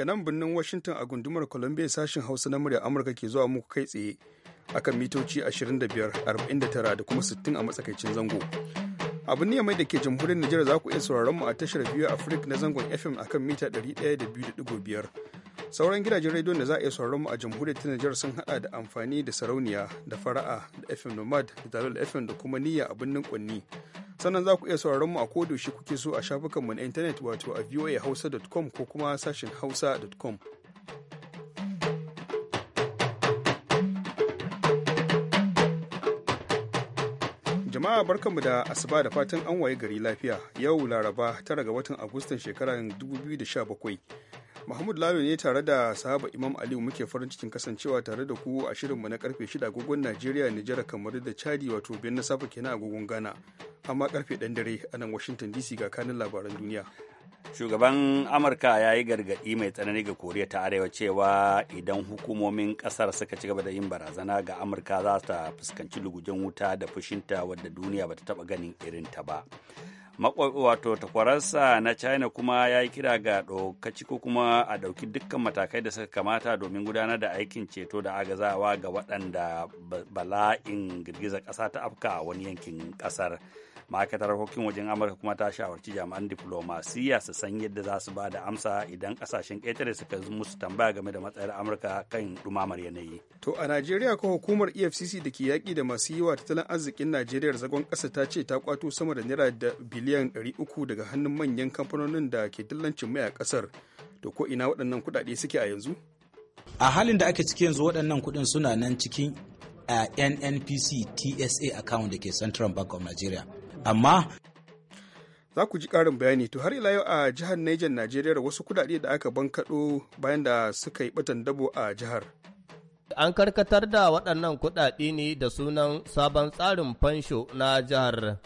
daga nan birnin Washington a gundumar Columbia sashen Hausa na murya Amurka ke zuwa muku kai tsaye akan mitoci 25, 49 da kuma 60 a matsakaicin zango. abin ne mai da ke jamhuriyar Nijar za ku iya sauraron mu a tashar biyu Afrik na zangon FM akan mita 102.5 sauran gidajen rediyon da za a iya sauraron mu a jamhuriyar ta Nijar sun hada da amfani da sarauniya da fara'a da FM Nomad da dalil FM da kuma niyya a birnin Kwanni sannan za ku iya sauraron mu a koda yaushe kuke so a shafukanmu na intanet wato a voahausa.com ko kuma sashin hausa.com Jama'a barkanmu da asuba da fatan an waye gari lafiya yau Laraba tara ga watan Agustan shekarar 2017. Mahmud Lalo ne tare da sahaba Imam Aliyu muke farin cikin kasancewa tare da ku a shirinmu na karfe 6 agogon Najeriya, Nijar, kamar da Chadi wato biyan na safe kenan agogon Ghana. Amma karfe ɗan dare a nan Washington DC ga kanin labaran duniya. shugaban amurka ya yi gargaɗi mai tsanani ga koriya ta arewa cewa idan hukumomin ƙasar suka ci gaba da yin barazana ga amurka za ta fuskanci lugujen wuta da fushinta wadda duniya ba ta taɓa ganin ta ba wato takwararsa na china kuma ya yi kira ga ɗaukaci ko kuma a ɗauki dukkan matakai da suka kamata domin gudanar da aikin ceto da agazawa ga waɗanda bala'in girgizar ƙasa ta afka a wani yankin ƙasar. ma'aikatar harkokin wajen amurka kuma ta shawarci jami'an diflomasiyya su san yadda za su ba da amsa idan kasashen ƙetare suka musu tambaya game da matsayar amurka kan dumamar yanayi to a najeriya ko hukumar efcc da ke yaƙi da masu yiwa tattalin arzikin najeriya zagon ƙasa ta ce ta kwato sama da naira da biliyan uku daga hannun manyan kamfanonin da ke dillancin mai a ƙasar to ko ina waɗannan kuɗaɗe suke a yanzu a halin da ake ciki yanzu waɗannan kuɗin suna nan cikin a nnpc tsa account da ke central bank of nigeria amma za ku ji ƙarin bayani to har ila yau a jihar Niger Najeriya wasu kuɗaɗe da aka bankaɗo bayan da suka yi batan dabo a jihar An karkatar da waɗannan kuɗaɗe ne da sunan sabon tsarin fansho na jihar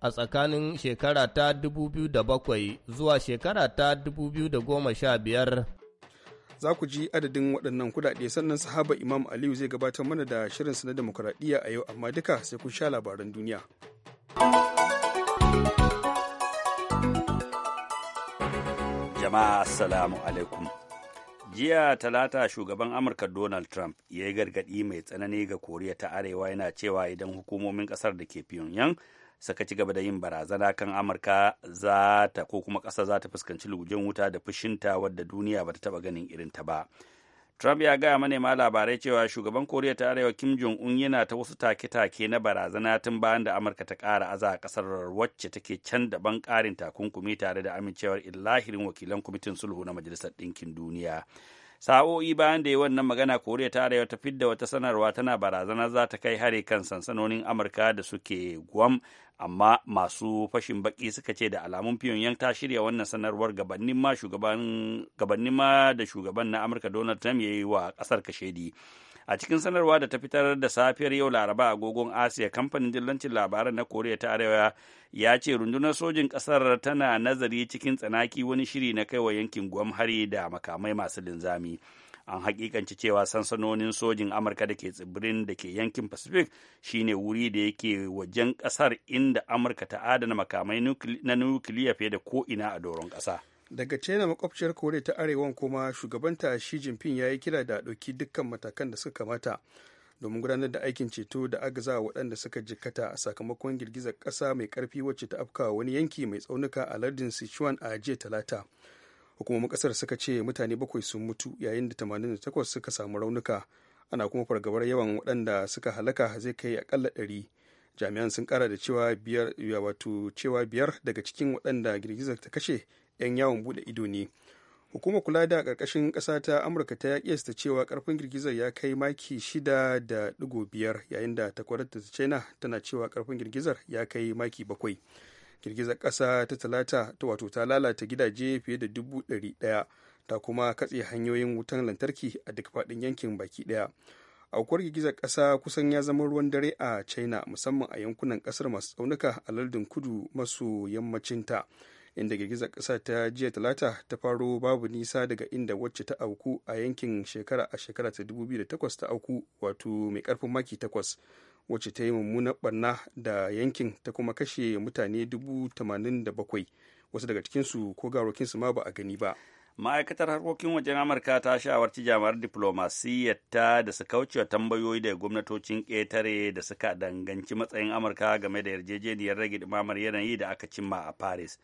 a tsakanin shekara ta 2007 zuwa shekara ta 2015. za ku ji adadin waɗannan kuɗaɗe sannan sahaba imam aliyu zai gabatar mana da shirinsa na demokuraɗiyya a yau amma duka sai kun sha labaran duniya jama'a assalamu alaikum jiya talata shugaban amurka donald trump ya yi gargaɗi mai tsanani ga koriya ta arewa yana cewa idan hukumomin ƙasar da ke pyongyang saka ci gaba da yin barazana kan amurka za ta ko kuma ƙasa za ta fuskanci lugujen wuta da fushinta wadda duniya ba ta taba ganin irin ta ba trump ya gaya manema labarai cewa shugaban koriya ta arewa kim jong un yana ta wasu take-take na barazana tun bayan da amurka ta ƙara aza a ƙasar wacce take can daban karin takunkumi tare da amincewar illahirin wakilan kwamitin sulhu na majalisar ɗinkin duniya sa'o'i bayan da ya wannan magana koriya ta arewa ta fidda wata sanarwa tana barazana za ta kai hare kan sansanonin amurka da suke guam amma masu fashin baki suka ce da alamun pyongyang ta shirya wannan sanarwar gabanin ma shugaban gabanin ma da shugaban na amurka donald trump ya yi wa kasar kashedi a cikin sanarwa da ta fitar da safiyar yau laraba agogon asiya kamfanin dillancin labaran na koriya ta arewa ya ce rundunar sojin ƙasar tana nazari cikin tsanaki wani shiri na kaiwa yankin guam hari da makamai masu linzami an hakikanci cewa sansanonin sojin amurka da ke tsibirin da ke yankin pacific shine wuri da yake wajen ƙasar inda amurka ta adana makamai na nukiliya fiye da ko ina a doron ƙasa daga china makwabciyar koriya ta arewa kuma shugabanta shi jinping ya yi kira da ɗauki dukkan matakan da suka kamata domin gudanar da aikin ceto da agaza waɗanda suka jikkata a sakamakon girgizar ƙasa mai ƙarfi wacce ta afka wani yanki mai tsaunuka a lardin sichuan a jiya talata hukumomin ƙasar suka ce mutane bakwai sun mutu yayin da tamanin 88 suka samu raunuka ana kuma fargabar yawan waɗanda suka halaka zai kai akalla ɗari jami'an sun ƙara da cewa biyar wato cewa biyar daga cikin waɗanda girgizar ta kashe 'yan yawon bude ido ne hukumar kula da ƙarƙashin ƙasa ta amurka ta kiyasta cewa ƙarfin girgizar ya kai maki shida da digo biyar yayin da takwarar ta china tana cewa karfin girgizar ya kai maki bakwai girgizar ƙasa ta talata ta wato ta lalata gidaje fiye da dubu ɗari ɗaya ta kuma katse hanyoyin wutan lantarki a duk faɗin yankin baki ɗaya aukuwar girgizar ƙasa kusan ya zama ruwan dare a china musamman a yankunan ƙasar masu tsaunuka a lardin kudu maso yammacinta. inda girgizar ƙasa ta jiya talata ta faro babu nisa daga inda wacce ta auku a yankin shekara a shekara ta 2008 ta auku wato mai karfin maki takwas wacce ta yi mummunan barna da yankin ta kuma kashe mutane 87,000 wasu daga cikinsu ko garokinsu ma ba a gani ba ma'aikatar harkokin wajen amurka ta shawarci jami'ar ta da su kaucewa tambayoyi da gwamnatocin ƙetare da suka danganci matsayin amurka game da yarjejeniyar rage ɗumamar yanayi da aka cimma a paris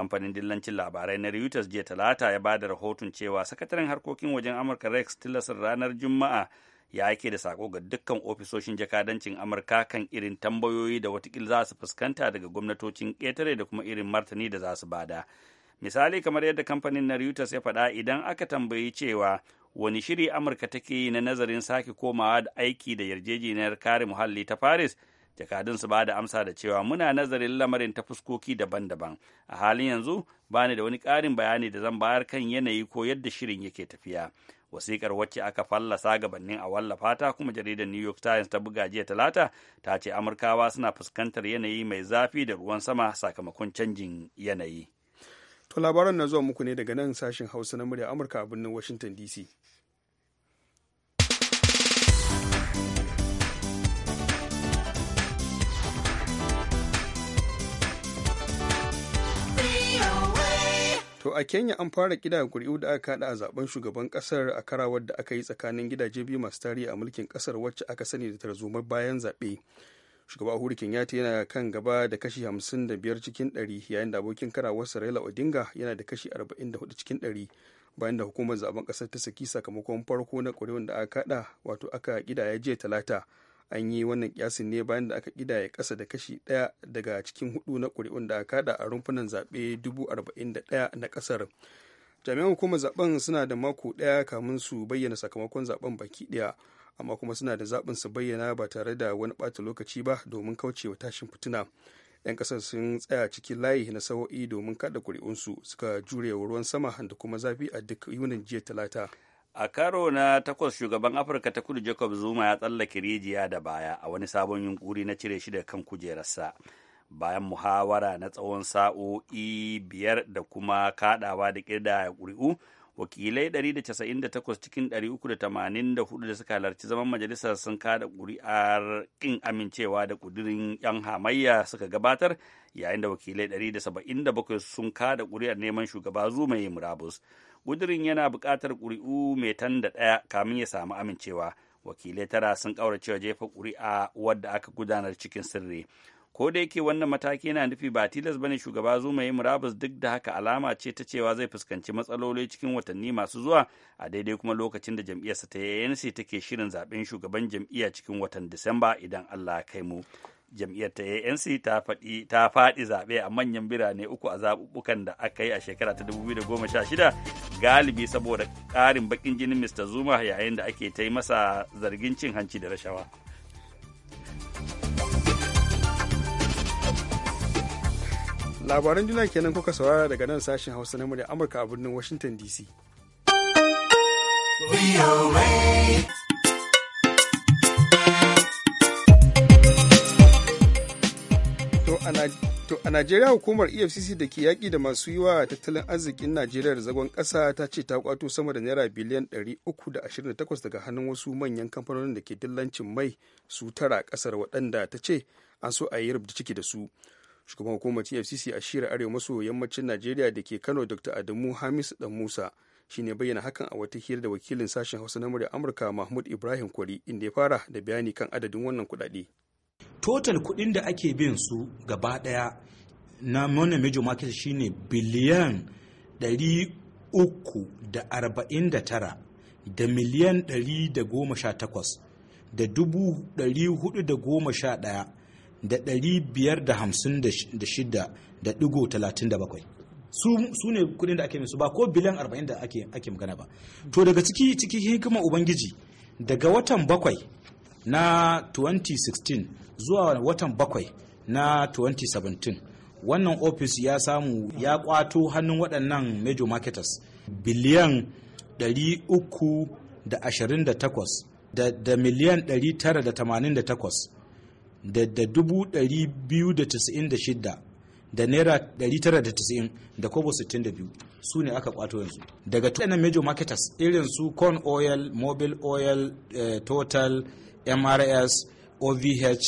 kamfanin dillancin labarai na reuters jiya talata ya ba da rahoton cewa sakataren harkokin wajen amurka rex tillerson ranar juma'a ya aike da sako ga dukkan ofisoshin jakadancin amurka kan irin tambayoyi da watakila za su fuskanta daga gwamnatocin ƙetare da kuma irin martani da za su bada misali kamar yadda kamfanin na reuters ya faɗa idan aka tambayi cewa wani shiri amurka take yi na nazarin sake komawa da aiki da yarjejeniyar kare muhalli ta paris jakadun su ba da amsa da cewa muna nazarin lamarin ta fuskoki daban-daban a halin yanzu ba ni da wani ƙarin bayani da zan bayar kan yanayi ko yadda shirin yake tafiya wasikar wacce aka fallasa gabanin a wallafa ta kuma jaridar new york times ta buga jiya talata ta ce amurkawa suna fuskantar yanayi mai zafi da ruwan sama sakamakon canjin yanayi to labaran na zuwa muku ne daga nan sashen hausa na murya amurka a birnin washington dc To a Kenya an fara kida kuri'u da aka kada a zaben shugaban kasar a karawar da aka yi tsakanin gidaje biyu masu tarihi a mulkin kasar wacce aka sani da tarzomar bayan zaɓe. Shugaba Uhuru Kenyatta yana kan gaba da kashi 55 cikin 100 yayin da abokin karawarsa Raila Odinga yana da kashi 44 cikin 100 bayan da hukumar zaben kasar ta saki sakamakon farko na kuri'un da aka kada wato aka kidaya jiya talata. an yi wannan kyasin ne bayan da aka kidaya kasa da kashi ɗaya daga cikin hudu na kuri'un da aka kada a rumfunan zaɓe ɗaya na ƙasar jami'an hukumar zaben suna da mako ɗaya kamun su bayyana sakamakon zaben baki ɗaya amma kuma suna da zaɓin su bayyana ba tare da wani ɓata lokaci ba domin kaucewa tashin fituna 'yan ƙasar sun tsaya cikin layi na sawo'i domin kada ƙuri'unsu suka jure wa ruwan sama da kuma zafi a duk yunin jiya talata a karo na takwas shugaban afirka ta kudu jacob zuma ya tsallake rijiya da baya a wani sabon yunkuri na cire shi da kan kujerarsa bayan muhawara na tsawon sa'o'i biyar da kuma kadawa da kirda ƙuri'u wakilai 198 cikin 384 da suka halarci zaman majalisar sun kada ƙuri'ar ƙin amincewa da ƙudurin 'yan hamayya suka gabatar yayin da wakilai 177 sun kada ƙuri'ar neman shugaba zuma murabus ƙudirin yana bukatar ƙuri'u mai tan da ɗaya kamin ya samu amincewa wakilai tara sun ƙauracewa jefa ƙuri'a wadda aka gudanar cikin sirri ko da yake wannan mataki yana nufi ba tilas bane shugaba zuma yi murabus duk da haka alama ce ta cewa zai fuskanci matsaloli cikin watanni masu zuwa a daidai kuma lokacin da jam'iyyarsa ta ANC take shirin zaben shugaban jam'iyya cikin watan Disamba idan Allah ya kai mu jam'iyyar ta ANC ta faɗi zaɓe a manyan birane uku a zaɓuɓɓukan da aka yi a shekara ta 2016 galibi saboda ƙarin baƙin jinin Mr. Zuma yayin da ake ta yi masa zargin cin hanci da rashawa. labaran juna kenan kuka saurara daga nan sashen hausa na murya amurka a birnin washington dc To a Najeriya hukumar EFCC da ke yaƙi da masu yi wa tattalin arzikin Najeriya da zagon ƙasa ta ce ta kwato sama da naira biliyan 328 daga hannun wasu manyan kamfanonin da ke dillancin mai su tara ƙasar waɗanda ta ce an so a yi rubda ciki da su. shugaban hukumar tfcc a shirin arewa maso yammacin najeriya da ke kano dr adamu hamis dan musa shine bayyana hakan a wata hira da wakilin sashen hausa na murya amurka mahmud ibrahim kwari inda ya fara da bayani kan adadin wannan kudade. total kuɗin da ake bin su gaba ɗaya na mona major market shine biliyan 349 da miliyan 118 da dubu 411 da bakwai su ne kudin da ake su ba ko biliyan 40 da ake magana ba to daga ciki ciki hikimar ubangiji daga watan bakwai na 2016 zuwa watan bakwai na 2017 wannan ofis ya samu ya kwato hannun waɗannan major marketers biliyan 328 da miliyan 988 da dubu ɗari biyu da tasa'in da shidda da naira ɗari tara da tasa'in da kobo sittin da biyu su ne aka kwato yanzu daga tunanin major marketers irin su corn oil mobile oil eh, total mrs ovh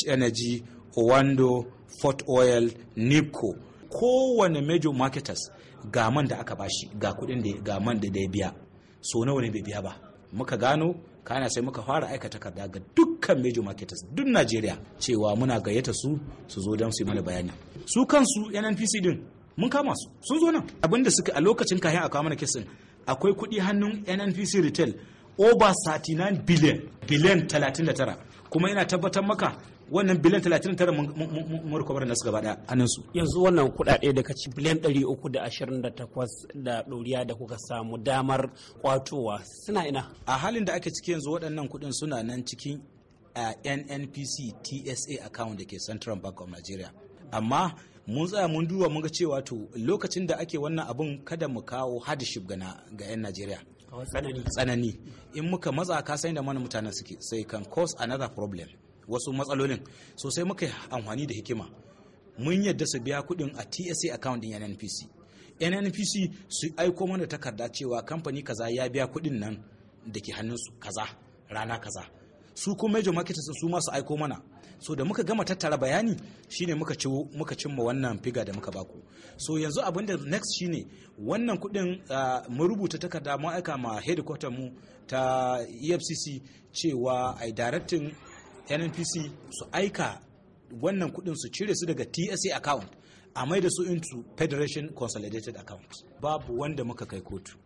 energy owando fort oil nipco kowane major marketers ga man da aka bashi ga kudin da ga man da ya biya so nawa ne bai biya ba muka gano kana sai muka fara aikata takarda ga duk dukkan major marketers duk Najeriya cewa muna gayyata su su zo don su yi mana bayani su kansu NNPC din mun kama su sun zo nan abinda suka a lokacin kayan a kawo mana kesin akwai kuɗi hannun NNPC retail over 39 billion biliyan 39 kuma yana tabbatar maka wannan biliyan 39 mun rikobar nasu gaba daya hannun su yanzu wannan kudade da kaci biliyan 328 da ɗoriya da kuka samu damar kwatowa suna ina a halin da ake ciki yanzu waɗannan kudin suna nan cikin a nnpc tsa account da ke central bank of nigeria amma mun tsaya mun duba mun ga cewa to lokacin da ake wannan abun kada mu kawo hardship ga ga 'yan Najeriya tsanani in muka matsa ka sai da mana mutanen suke sai kan cause another problem wasu matsalolin sosai sai muka amfani da hikima mun yadda su biya kuɗin a TSA account din NNPC NNPC su aiko mana takarda cewa kamfani kaza ya biya kuɗin nan da ke hannun su kaza rana kaza su kuma major ma su masu aiko mana so da muka gama tattara bayani shine muka ci muka cimma wannan figa da muka baku so yanzu abin da next shine wannan kudin ah, mu rubuta takarda mu aika ma headquarter mu ta EFCC cewa ai directing NNPC su aika wannan kudin su cire su daga TSA account a maida su into Federation Consolidated account babu wanda muka kai kotu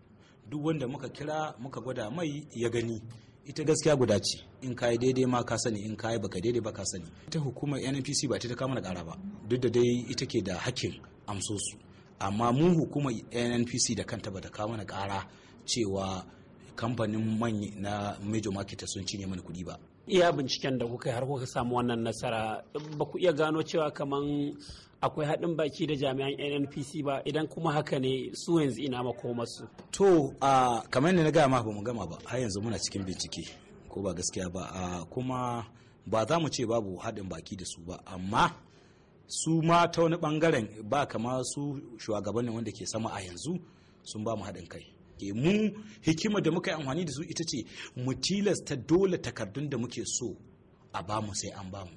duk wanda muka kira muka gwada mai ya gani ita gaskiya guda ce in ka yi daidai ma ka sani in ka yi baka daidai ba ka sani ita hukumar nnpc ba ta kama da kara ba duk da dai ita ke da hakkin amso amma mu hukumar nnpc da kanta ba ta kama da kara cewa kamfanin manyan na major market sun cinye mana kuɗi ba iya binciken da kuka har kuka samu wannan nasara ba ku iya gano cewa kamar akwai haɗin baki da jami'an nnpc ba idan kuma haka ne su yanzu ina makomarsu to a kamar yadda na gaya ma ba mu gama ba har yanzu muna cikin bincike ko ba gaskiya ba kuma ba za mu ce babu haɗin baki da su ba amma su ma ta wani ɓangaren ba kama su shugabannin wanda ke sama a yanzu sun ba mu haɗin kai e, mu hikimar da muka yi amfani da su ita ce mu tilasta dole takardun da muke so a bamu sai an bamu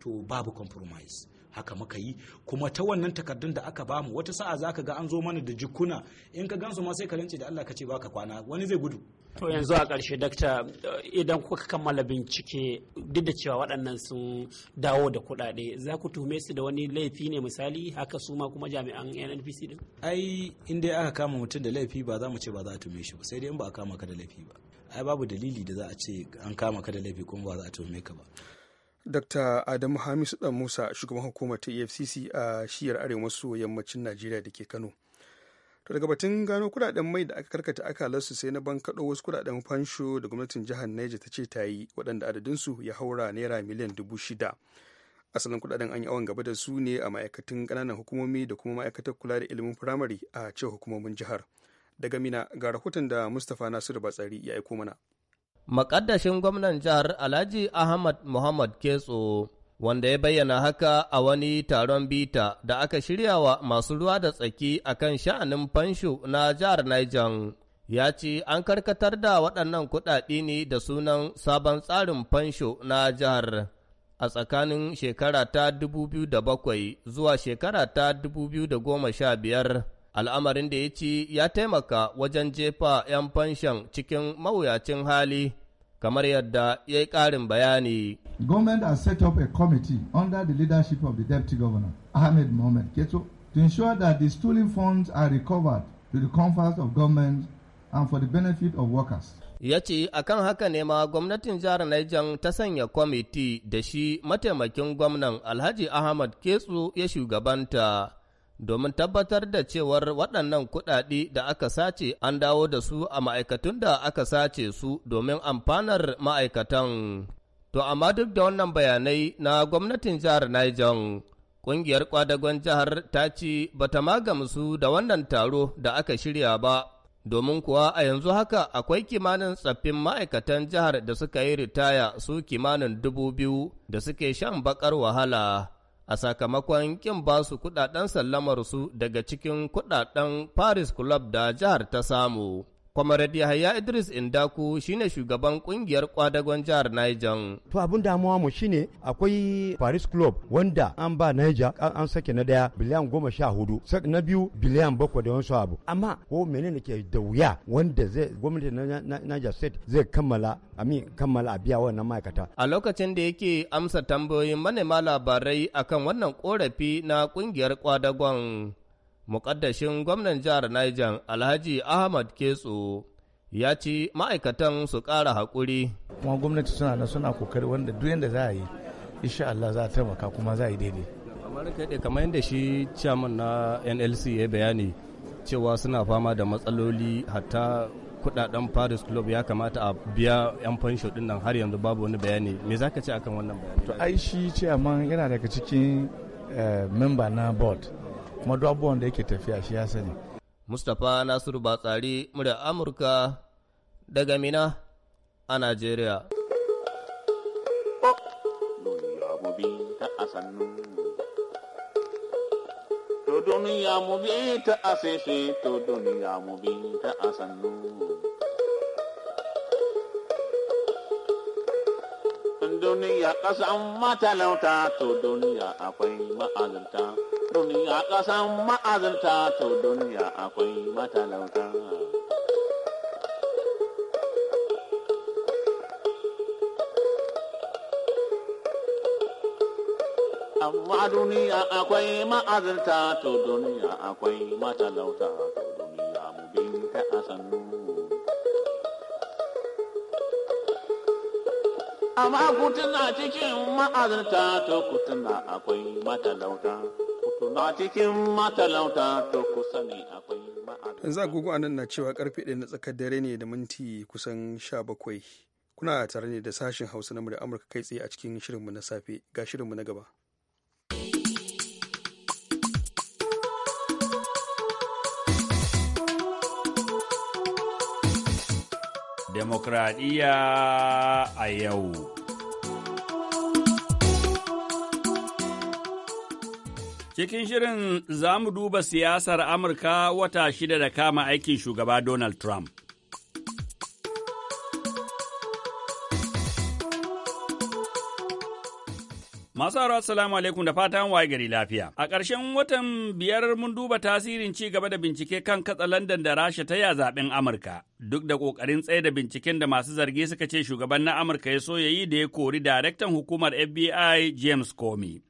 to babu compromise haka muka yi kuma ta wannan takardun da aka bamu wata sa'a zaka ga an zo mana da jikuna in ka gansu ma sai ka rance da Allah ka ce baka kwana wani zai gudu to yanzu a ƙarshe dakta idan kuka kammala bincike duk da cewa waɗannan sun dawo da kuɗaɗe za ku tume su da wani laifi ne misali haka su ma kuma jami'an NNPC din ai in dai aka kama mutum da laifi ba za mu ce ba za a tume shi ba sai dai in ba a kama ka da laifi ba ai babu dalili da za a ce an kama ka da laifi kuma ba za a tume ka ba dr adamu hamisu dan musa shugaban hukumar ta efcc a shiyar arewa maso yammacin najeriya da ke kano to daga batun gano kudaden mai da aka karkata aka akalarsu sai na ban bankaɗo wasu kudaden fansho da gwamnatin jihar niger ta ce ta yi waɗanda adadinsu ya haura naira miliyan dubu shida asalin kudaden an yi awon gaba da su ne a ma'aikatan ƙananan hukumomi da kuma ma'aikatar kula da ilimin firamare a cewa hukumomin jihar daga mina ga rahoton da mustapha nasiru batsari ya aiko mana Makaddashin gwamnan jihar Alhaji Ahmad Muhammad Ketso wanda ya bayyana haka a wani taron bita da aka shirya wa masu ruwa da tsaki a kan sha'anin fansho na jihar Niger. Ya ce an karkatar da waɗannan kuɗaɗe ne da sunan sabon tsarin fansho na jihar a tsakanin shekara ta 2007 zuwa shekara ta 2015. al'amarin da ya ci ya taimaka wajen jefa 'yan fanshan cikin mawuyacin hali kamar yadda ya yi ƙarin bayani. Government has set up a committee under the leadership of the Deputy Governor, Ahmed Mohamed Keto, to ensure that the stolen funds are recovered to the comfort of government and for the benefit of workers. Ya ce a kan haka ne ma gwamnatin jihar Niger ta sanya kwamiti da shi mataimakin gwamnan Alhaji Ahmad Ketsu ya shugabanta. domin tabbatar da cewar waɗannan kuɗaɗe da aka sace an dawo da su a ma'aikatun da aka sace su domin amfanar ma'aikatan. To amma duk da wannan bayanai na gwamnatin jihar Niger, ƙungiyar kwadagon jihar ta ce ba ta magamsu da wannan taro da aka shirya ba, domin kuwa a yanzu haka akwai kimanin tsaffin ma'aikatan jihar da suka yi ritaya su kimanin dubu biyu da suke shan bakar wahala. a sakamakon kin ba su kudaden sallamarsu daga cikin kudaden Paris Club da jihar ta samu. Kwamaradi haya Idris Indaku shine shugaban kungiyar kwadagon jihar Niger. To abin damuwa mu shine akwai Paris Club wanda an ba Niger an sake na daya biliyan goma sha hudu, na biyu biliyan bakwai da wani abu. Amma ko menene ke da wuya wanda zai gwamnati na Niger State zai kammala amin kammala a biya wannan ma'aikata. A lokacin da yake amsa tambayoyin manema labarai akan wannan korafi na kungiyar kwadagon muƙaddashin gwamnan jihar Niger Alhaji Ahmad Ketso ya ci ma'aikatan su ƙara haƙuri. Kuma gwamnati suna na suna kokari wanda duk yadda za a yi, insha Allah za a taimaka kuma za a yi daidai. Kamar kaɗe kamar yadda shi chairman na NLC ya bayani cewa suna fama da matsaloli hatta kudaden Paris Club ya kamata a biya 'yan fansho din nan har yanzu babu wani bayani. Me za ka ce akan wannan bayani? To ai shi chairman yana daga cikin eh, memba na board. kuma duk abubuwan da yake tafiya shi ya sani mustapha nasiru batsari murya amurka daga mina a najeriya to duniya mu bi ta asese to duniya mu bi ta asannu duniya kasan matalauta to duniya akwai ma'azanta duniya ƙasan ma'azinta ta duniya akwai matalauta. Amma duniya akwai ma'azinta ta duniya akwai matalauta ta duniya mu ta a sannu. Amma kutuna cikin ma'azinta ta kutuna akwai matalauta. ba cikin matalauta to kusa ne akwai yanzu agogo anan na cewa karfe ɗaya na tsakar dare ne da minti kusan sha bakwai kuna tare ne da sashen hausa na murya amurka kai tsaye a cikin shirinmu na safe ga shirinmu na gaba demokradiyya a yau Cikin shirin za mu duba siyasar Amurka wata shida da kama aikin shugaba Donald Trump. Masu haro assalamu alaikum da fatan waye gari lafiya. A ƙarshen watan biyar mun duba tasirin ci gaba da bincike kan katsa London da Rasha ta ya zaɓen Amurka. Duk da ƙoƙarin tsaye da binciken da masu zargi suka ce shugaban na Amurka ya so ya yi da ya kori daraktan hukumar FBI James Comey.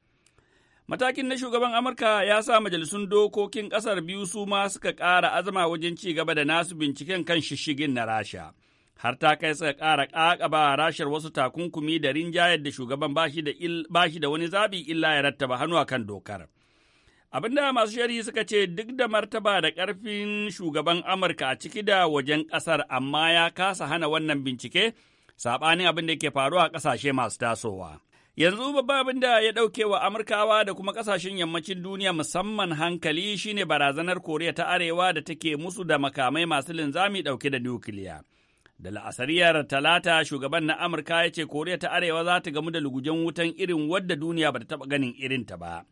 Matakin na shugaban Amurka ya sa majalisun dokokin ƙasar biyu su ma suka ƙara azama wajen ci gaba da nasu binciken kan shishigin na Rasha. Har ta kai suka ƙara ƙaƙaba rashar wasu takunkumi da rinjayar da shugaban bashi da wani zabi illa ya rattaba hannu a kan dokar. da masu sharhi suka ce duk da martaba da ƙarfin shugaban Amurka a ciki da wajen ƙasar amma ya kasa hana wannan bincike, saɓanin abin da ke faruwa a ƙasashe masu tasowa. Yanzu babban da ya ɗauke wa Amurkawa da kuma ƙasashen yammacin duniya musamman hankali shine barazanar Koriya ta Arewa da take musu da makamai masu linzami ɗauke da nukiliya. Da la'asariyar talata shugaban na Amurka ya ce Koriya ta Arewa za ta gamu da lugujen wutan irin wadda duniya ba ta taɓa ganin irin ta ba.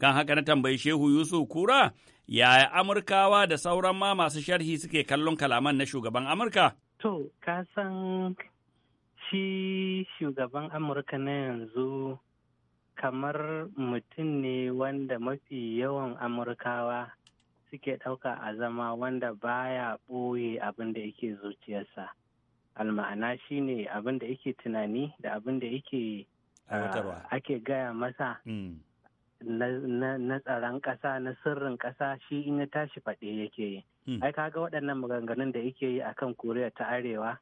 Kan haka na tambayi Shehu Yusuf Kura yaya Amurkawa da sauran ma masu sharhi suke kallon kalaman na shugaban Amurka? To, ka san shi shugaban amurka na yanzu kamar mutum ne wanda mafi yawan amurkawa suke ɗauka a zama wanda baya ɓoye abin da yake zuciyarsa alma'ana shi ne abin da yake tunani da abin da yake ah, ake gaya masa hmm. na tsaron ƙasa na sirrin ƙasa shi in tashi faɗe yake yi hmm. ai kaga waɗannan maganganun da yake yi akan koriya ta arewa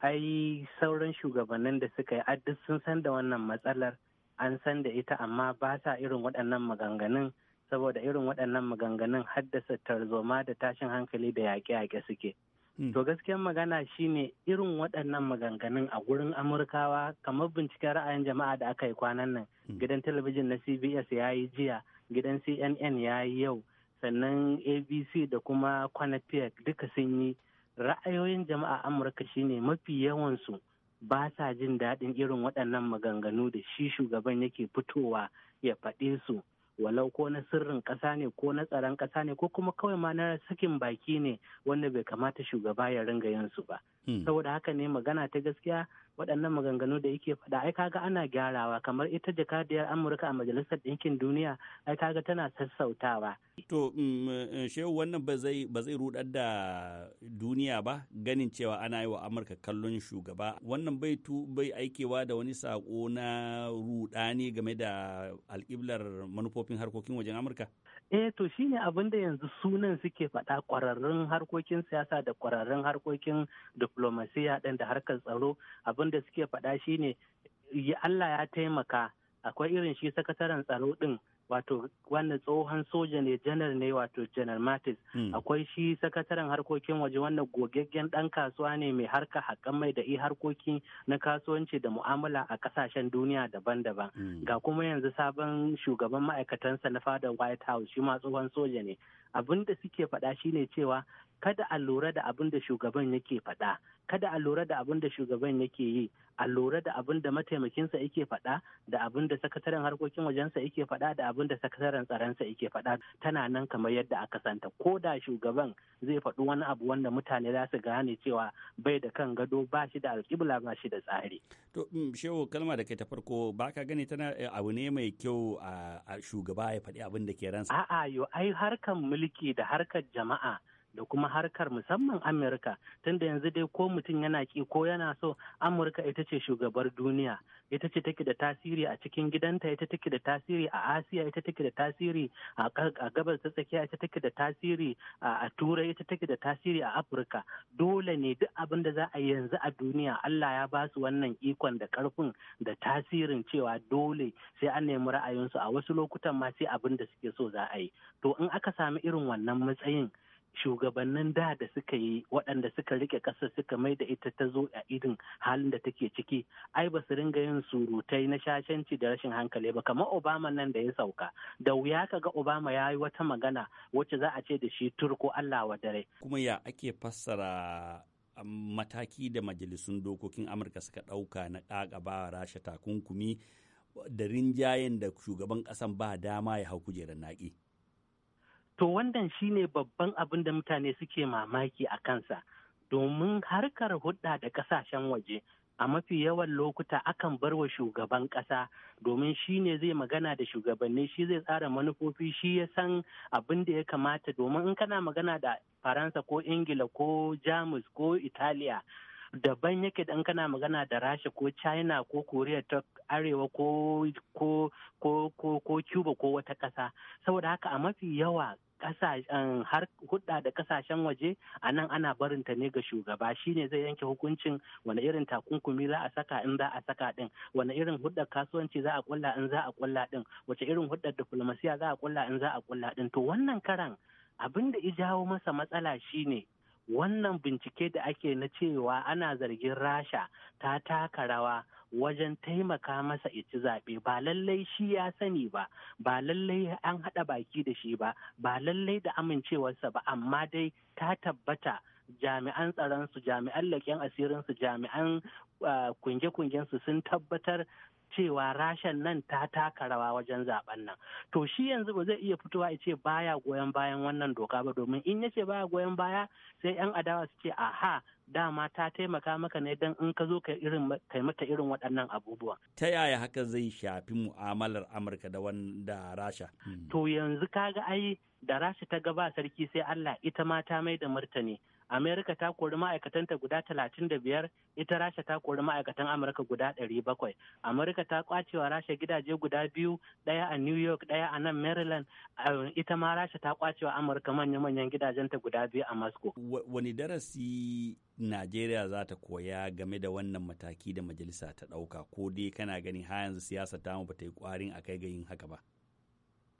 ai sauran shugabannin da suka yi duk sun san da wannan matsalar an san da ita amma ba sa irin waɗannan maganganun saboda irin waɗannan maganganun haddasa tarzoma da tashin hankali da yaƙe-yaƙe suke. Hmm. To gaskiyar magana shine irin waɗannan maganganun a gurin Amurkawa kamar binciken ra'ayin jama'a da aka yi kwanan nan hmm. gidan talabijin na CBS ya yi jiya gidan CNN ya yi yau sannan ABC da kuma Quinnipiac duka sun yi. ra'ayoyin jama'a amurka shine mafi yawansu ba sa jin daɗin irin waɗannan maganganu da shi shugaban yake fitowa ya faɗe su walau ko na sirrin ƙasa ne ko na tsaron ƙasa ne ko kuma kawai ma na sakin baki ne wanda bai kamata shugaba ya ringa yin su ba Hmm. saboda haka ne magana ta gaskiya waɗannan maganganu da yake faɗa ai kaga ana gyarawa kamar ita jakadiyar amurka a majalisar ɗinkin duniya ai kaga tana sassautawa to mm, eh, shehu wannan ba zai ba rudar da duniya ba ganin cewa ana yi wa amurka kallon shugaba wannan bai tu bai aikewa da wani sako na rudani game da alƙiblar manufofin harkokin wajen amurka Eh to shine abin da yanzu sunan suke faɗa ƙwararrun harkokin siyasa da ƙwararrun harkokin diplomasiya ɗin da harkar tsaro abin da suke faɗa shine Allah ya taimaka akwai irin shi sakataren tsaro ɗin wato wannan tsohon soja ne janar ne wato janar matis hmm. akwai shi sakataren harkokin waje wannan gogaggen dan kasuwa ne mai harka haƙan mai da i harkoki na kasuwanci da mu'amala a kasashen duniya daban-daban hmm. ga kuma yanzu sabon shugaban ma'aikatansa na fadar white house shi ma tsohon soja ne abin da suke faɗa shine cewa kada a lura da abin da shugaban yake faɗa kada a lura da abin da shugaban yake yi a lura da abin da mataimakinsa yake faɗa da abin da sakataren harkokin wajensa yake faɗa da abin da sakataren tsaronsa yake faɗa tana nan kamar yadda aka santa ko da shugaban zai faɗi wani abu wanda mutane za su gane cewa bai da kan gado ba shi da alƙibla ba shi da tsari. To mm, shehu kalma da kai ta farko ba ka gani tana eh, abu ne mai kyau a shugaba ya faɗi abin da ke ransa. A'a yo ai harkar mulki da harkar jama'a da kuma harkar musamman amurka tunda yanzu dai ko mutum yana ki ko yana so amurka ita ce shugabar duniya ita ce take da tasiri a cikin gidanta ita take da tasiri a asiya ita take da tasiri a gabas ta tsakiya ita take da tasiri a turai ita take da tasiri a afirka dole ne duk abin da za a yanzu a duniya allah ya ba su wannan ikon da karfin da tasirin cewa dole sai an nemi ra'ayinsu a wasu lokutan ma sai abin da suke so za a yi to in aka sami irin wannan matsayin shugabannin da da suka yi waɗanda suka rike ƙasa suka mai da ita ta zo a irin halin da take ciki ai ba su ringa yin surutai na shashanci da rashin hankali ba kamar obama nan da ya sauka da wuya ka ga obama ya yi wata magana wacce za a ce da shi turko allah wa dare kuma ya ake fassara um, mataki da majalisun dokokin amurka suka ɗauka na ba rasha takunkumi da rinjayen da shugaban ƙasan ba dama ya hau kujerar naƙi. To wannan shine babban abin da mutane suke mamaki a kansa domin harkar hudda da kasashen waje a mafi yawan lokuta akan bar wa shugaban kasa domin shi ne zai magana da shugabanni shi zai tsara manufofi shi ya san abin da ya kamata domin in kana magana da faransa ko ingila ko jamus ko italiya daban yake dan kana magana da rasha ko china ko koriya ta arewa ko cuba ko wata kasa saboda haka a mafi yawa hudda da kasashen waje a nan ana barinta ne ga shugaba shine zai yanke hukuncin wani irin takunkumi za a saka in za a saka din wani irin hudda kasuwanci za a kulla in za a kulla din wace irin hudda diplomasiya za a kulla in za a kulla din to wannan karan abin da ya jawo masa matsala shine wannan bincike da ake na cewa ana zargin rasha ta taka rawa wajen taimaka masa ci zaɓe ba lallai shi ya sani ba ba lallai an haɗa baki da shi ba ba lallai da amincewarsa ba amma dai ta tabbata jami'an tsaronsu jami'an laƙen asirinsu jami'an ah, kunge-kungensu sun tabbatar cewa rashan nan ta taka rawa wajen zaben nan to shi yanzu ba zai iya fitowa ya ce baya goyon bayan wannan doka ba domin in yace ce baya goyon baya sai yan adawa su ce aha dama ta taimaka maka ne don in ka zo ka irin kai mata irin waɗannan abubuwa ta yaya haka zai shafi mu'amalar amurka da wanda rasha hmm. to yanzu kaga ai da rasha ta gaba sarki sai allah ita ma ta mai da murtani. Amerika ta kori ma'aikatanta guda talatin da biyar, ita Rasha ta kori ma'aikatan Amurka guda ɗari bakwai. Amurka ta kwacewa Rasha gidaje guda biyu, ɗaya a New York, ɗaya a nan Maryland. Ita ma Rasha ta kwacewa Amurka manya-manyan gidajenta guda biyu a Moscow. Wani darasi Najeriya za ta koya game da wannan mataki da majalisa ta ɗauka ko dai kana gani har yanzu siyasa ta mu bata yi ƙwarin a kai ga yin haka ba.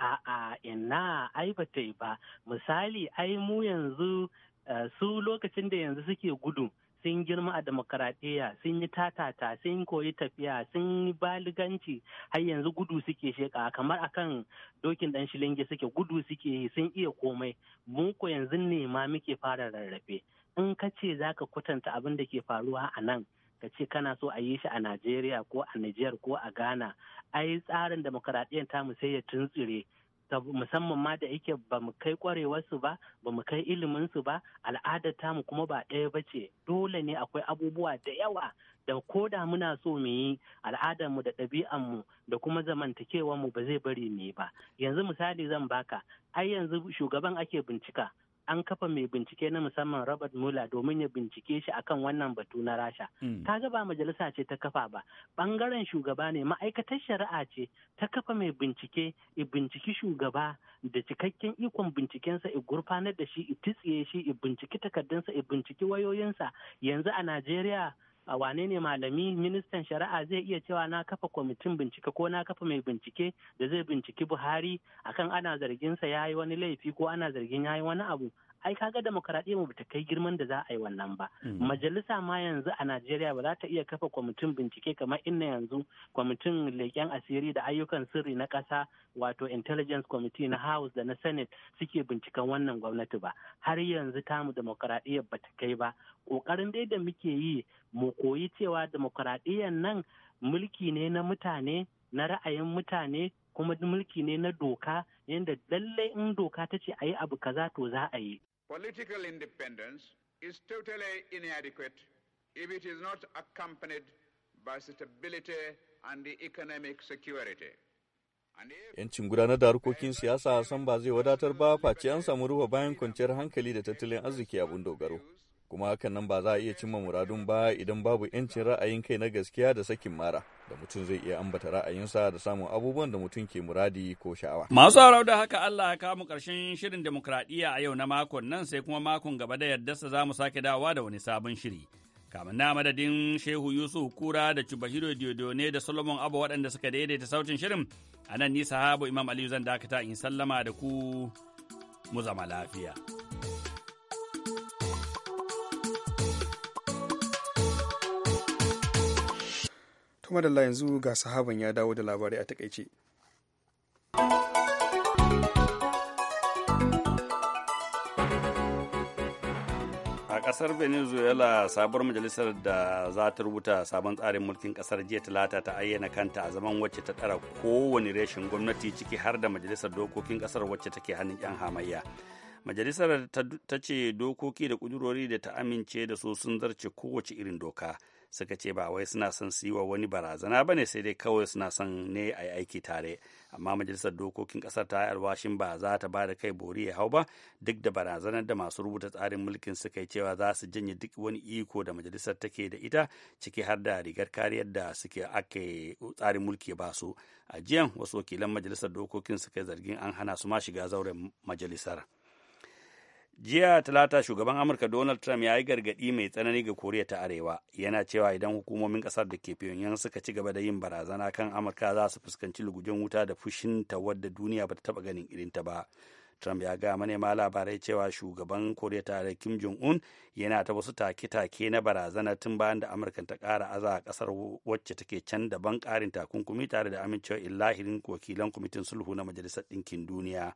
A'a ina ai ba yi ba misali ai mu yanzu Eh, su lokacin da yanzu suke gudu sun girma a demokaradiyya sun yi tatata sun koyi tafiya sun yi baliganci har yanzu gudu suke sheka kamar akan dokin dan shilinge suke gudu suke sun iya komai muku ko yanzu ne ma muke fara rarrafe in ka ce za ka kwatanta abin da ke faruwa a nan ka ce kana so a yi shi a najeriya ko a niger ko a ghana ai tsarin demokaradiyyar tamu sai ya tuntsire musamman ma da yake ba mu kai kwarewarsu ba ba mu kai ilimin su ba al'adar tamu kuma ba ɗaya ba ce dole ne akwai abubuwa da yawa da ko da muna so mu yi mu da mu da kuma mu ba zai bari mu ba yanzu misali zan baka ai yanzu shugaban ake bincika an kafa mai bincike na musamman Robert Mueller domin ya bincike shi akan wannan batu na Rasha. Hmm. ga ba majalisa ce ta kafa ba, bangaren shugaba ne ma'aikatar shari'a ce ta kafa mai bincike i binciki shugaba da cikakken ikon bincikensa i gurfanar da shi i titsiye shi i binciki takardunsa i binciki wayoyinsa yanzu a Najeriya a wane ne malami ministan shari'a zai iya cewa na kafa kwamitin bincike ko na kafa mai bincike da zai binciki buhari akan ana zarginsa ya yi wani laifi ko ana zargin yayi wani abu ai kaga demokaradiyya mu ta kai girman da za a yi wannan ba mm. majalisa ma yanzu a Najeriya ba za ta iya kafa kwamitin bincike kamar inna yanzu kwamitin leƙen asiri da ayyukan sirri na ƙasa wato intelligence committee na house da na senate suke binciken wannan gwamnati ba har yanzu tamu mu ba ta kai ba ƙoƙarin dai da muke yi mu koyi cewa demokaradiyyar nan mulki ne na mutane na ra'ayin mutane kuma mulki ne na doka yadda lallai in doka ta ce a yi abu kaza to za a yi Political independence is totally inadequate if it is not accompanied by stability and economic security. Yancin gudanar da harkokin siyasa san ba zai wadatar ba face an samu ruwa bayan kwanciyar hankali da tattalin arziki abun dogaro. kuma hakan nan ba za a iya cimma muradun ba idan babu yancin ra'ayin kai na gaskiya da sakin mara da mutum zai iya ambata ra'ayinsa da samun abubuwan da mutum ke muradi ko sha'awa. Masu harau da haka Allah ya kawo karshen shirin demokradiyya a yau na makon nan sai kuma makon gaba da sa za mu sake dawowa da wani sabon shiri. Kamar na madadin Shehu Yusuf Kura da Cibahiro Diodone da Solomon Abba waɗanda suka daidaita sautin shirin a nan ni habu Imam Aliyu zan dakata in sallama da ku mu zama lafiya. kamar da yanzu ga sahaban ya dawo da labarai a takaice a kasar venezuela sabuwar majalisar da za ta rubuta sabon tsarin mulkin kasar jiya talata ta ayyana kanta a zaman wacce ta tsara kowane reshen gwamnati ciki har da majalisar dokokin kasar wacce take hannun 'yan hamayya majalisar ta ce dokoki da kudurori da ta amince da su sun zarce kowace irin doka suka ce ba wai suna son su yi wa wani barazana ba ne sai dai kawai suna son ne a yi aiki tare amma majalisar dokokin kasar ta yi alwashin ba za ta ba da kai bori ya hau ba duk da barazanar da masu rubuta tsarin mulkin suka yi cewa za su janye duk wani iko da majalisar take da ita ciki har da rigar kariyar da suke ake tsarin mulki ba su a jiyan wasu wakilan majalisar dokokin suka zargin an hana su ma shiga zauren majalisar. jiya talata shugaban amurka donald trump ya yi gargaɗi mai tsanani ga koriya ta arewa yana cewa idan hukumomin kasar da ke pyongyang suka ci gaba da yin barazana kan amurka za su fuskanci lugujen wuta da fushin fushinta wadda duniya ba ta taba ganin ta ba Trump ya gaya manema labarai cewa shugaban Koriya arewa Kim Jong-un yana ta wasu take-take na barazana tun bayan da Amurka ta kara aza a kasar wacce take can daban karin takunkumi tare da amincewa illahirin wakilan kwamitin sulhu na Majalisar Ɗinkin Duniya.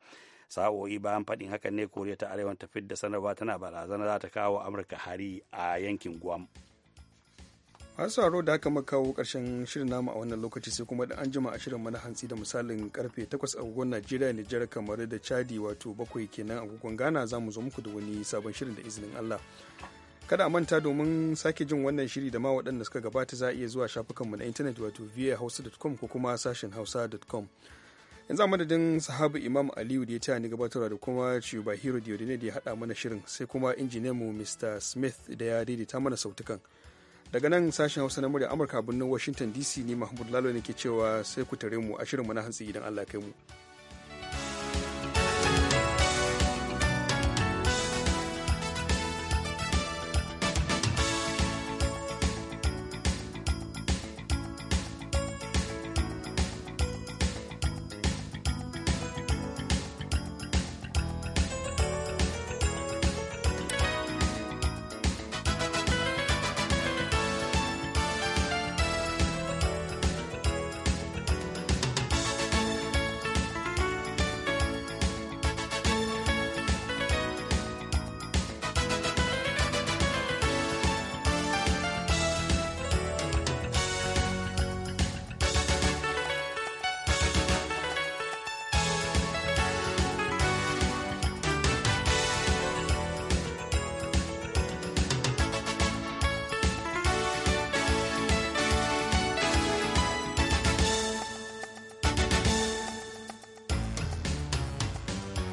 sa'o'i bayan faɗin hakan ne koriya ta arewa ta fidda sanarwa tana barazana za ta kawo amurka hari a yankin guam masu sauraro da aka makawo karshen shirin namu a wannan lokaci sai kuma da an jima a shirin mana hantsi da misalin karfe 8 agogon najeriya nijar kamar da chadi wato bakwai kenan agogon ghana za mu zo muku da wani sabon shirin da izinin allah kada a manta domin sake jin wannan shiri da ma waɗanda suka gabata za a iya zuwa shafukanmu na intanet wato via hausa.com ko kuma sashen hausa.com yanzu a madadin sahabu imam aliyu da ya taya ni gabatarwa da kuma chubahiro yodine da ya haɗa mana shirin sai kuma mu mr smith da ya daidaita mana sautukan daga nan sashen hausa na murya amurka birnin washington dc ne mahmud lalo ne ke cewa sai ku tare mu a shirinmu na hantsi idan allah kai mu.